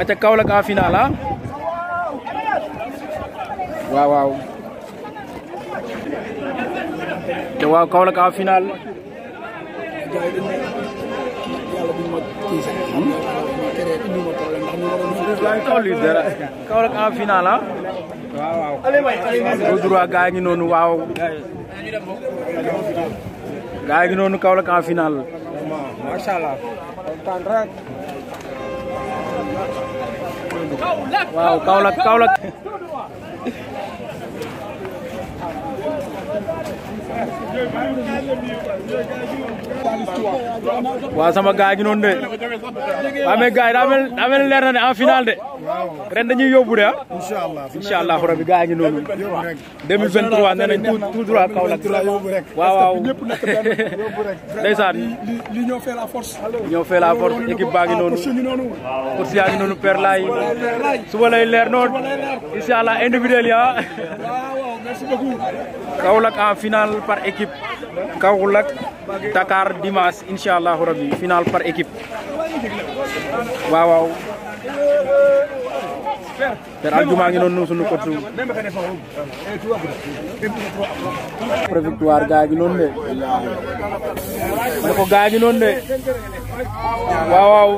aca Kaolack en finale a ah? waaw waaw waaw Kaolack en finale Kaolack dara Kaolack en finale a waaw ah? droit gaa ngi noonu waaw gaa ngi noonu Kaolack en finale macha allah waaw Kaolack Kaolack waaw sama gaay gi noonu de waaw mais gaay daa mel daa leer na ne en final de ren dañuy yóbbu de ah. incha allah incha allah rabi gaay gi noonu. 2023 nee nañ tout tout droit Kaolack. waaw waaw ndeysaan. ñoo fee la force. ñoo fee la force équipe baa ah, ngi noonu. coach yaa ngi noonu père laay suba lay leer noonu incha individuel ya Kaolack en finale par équipe Kaolack Dakar dimas incha allahu rabi finale par équipe waaw Père Aldiouma ngi noonu sunu kot préfectoire gaa gi noonu de ma ne ko gaa gi noonu de waaw waaw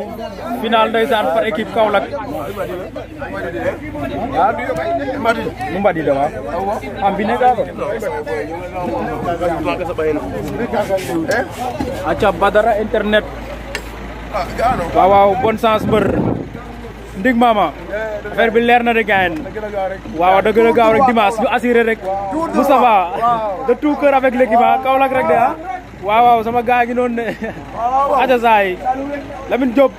final ndeysaan par équipe Kaolack ah mu mbadi de waaw am bi ne gaa Badara internet waaw waaw chance mbër Ndig Mama affaire bi leer na rek gars waaw da gëna gaaw rek dimas ñu assurer rek mustafa de tout cœur avec l'équipe ah Kaolack rek de ah waaw waaw sama gaay gi non ne ada saay Lamine job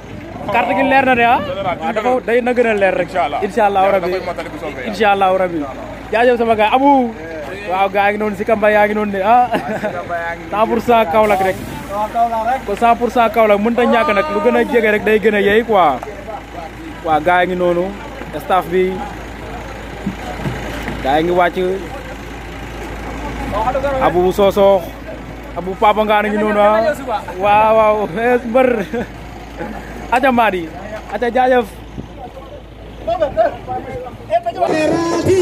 carte gi leer na de ah waaw dafa day na gëna leer rek inshallah rabbi inshallah rabbi allah rabi sama gaay amu waaw gaay gi non ci kamba yaa gi non ne ah 100 pour cent Kaolack rek 100 kaolak mën ta ñak nak lu gëna a rek day gëna a yey quoi waa gaa yi ngi noonu staff bi gaa yi ngi wàcc abu soosoox abu papa ngaan ngi noonu ah. waaw waaw eh, mbër aca maat yi aca